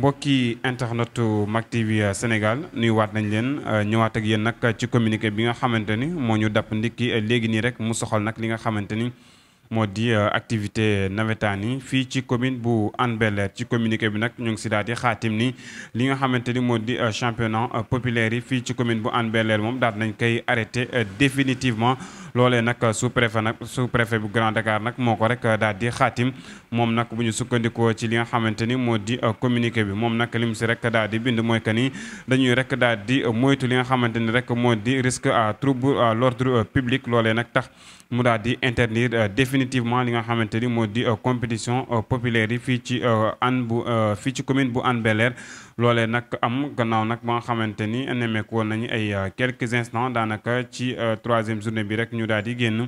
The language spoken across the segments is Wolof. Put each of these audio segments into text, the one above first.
mbokki internetu Mak TV euh, Sénégal nuyuwaat nañ leen euh, ñëwaat ak yéen nag ci communiqué bi nga xamante ni moo ñu dàpp ndikki euh, léegi nii rek mu soxal nag li nga xamante ni moo di activité nawetaan yi fii ci commune bu Hann bel ci communiqué bi nag ñu ngi si daal di xaatim ni li nga xamante ni moo di championnat populaire yi fii ci commune bu Hann bel moom daal nañ koy arrêté définitivement loolee nag sous préfet nag sous bu Grand Dakar nag moo ko rek daal di xaatim moom nag bu ñu sukkandikoo ci li nga xamante ni moo di euh, communiqué bi moom nag lim si rek daal di bind mooy que ni dañuy rek daal di moytu li nga xamante ni rek moo di risque à trouble à l'ordre euh, public loolee nag tax mu daal di interdire euh, définitivement li nga xamante ni moo di compétition populaire yi fii ci an bu fii ci commune bu Hann Bel-Air nag am gannaaw nag ba nga xamante ni nemmeeku woon nañu ay quelques instants daanaka ci troisième journée bi rek ñu daal di génn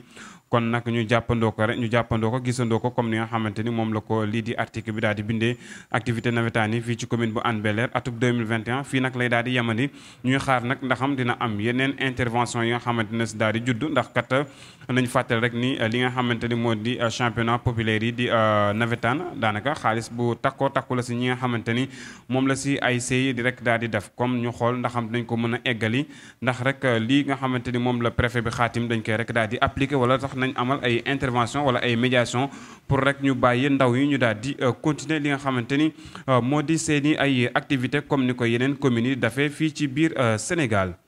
kon nag ñu jàppandoo ko rek ñu jàppandoo ko gisandoo ko comme ni nga xamante ni moom la ko lii di article bi daal di bindee activité navétane fii ci commune bu Hann Bel-Air atub 2021 fii nag lay daal di yemani ñuy xaar nag ndaxam dina am yeneen intervention yi nga xamante ne si daal di judd ndax kat nañu fàttali rek ni li nga xamante ni moo di euh, championnat populaire yi di euh, navétane daanaka xaalis bu takkoo takku si ñi nga xamante ni moom la si ay sey di rek daal di def comme ñu xool ndaxam dinañ ko mën a eggali ndax rek lii nga xamante ni moom la préfet bi xaatim dañ koy rek daal di appliqué wala sax nañ amal ay intervention wala ay médiation pour rek ñu bàyyi ndaw yi ñu daal di euh, continuer li nga xamante ni euh, moo di seeni ay activités comme ni ko yeneen communes yi dafee fii ci biir euh, Sénégal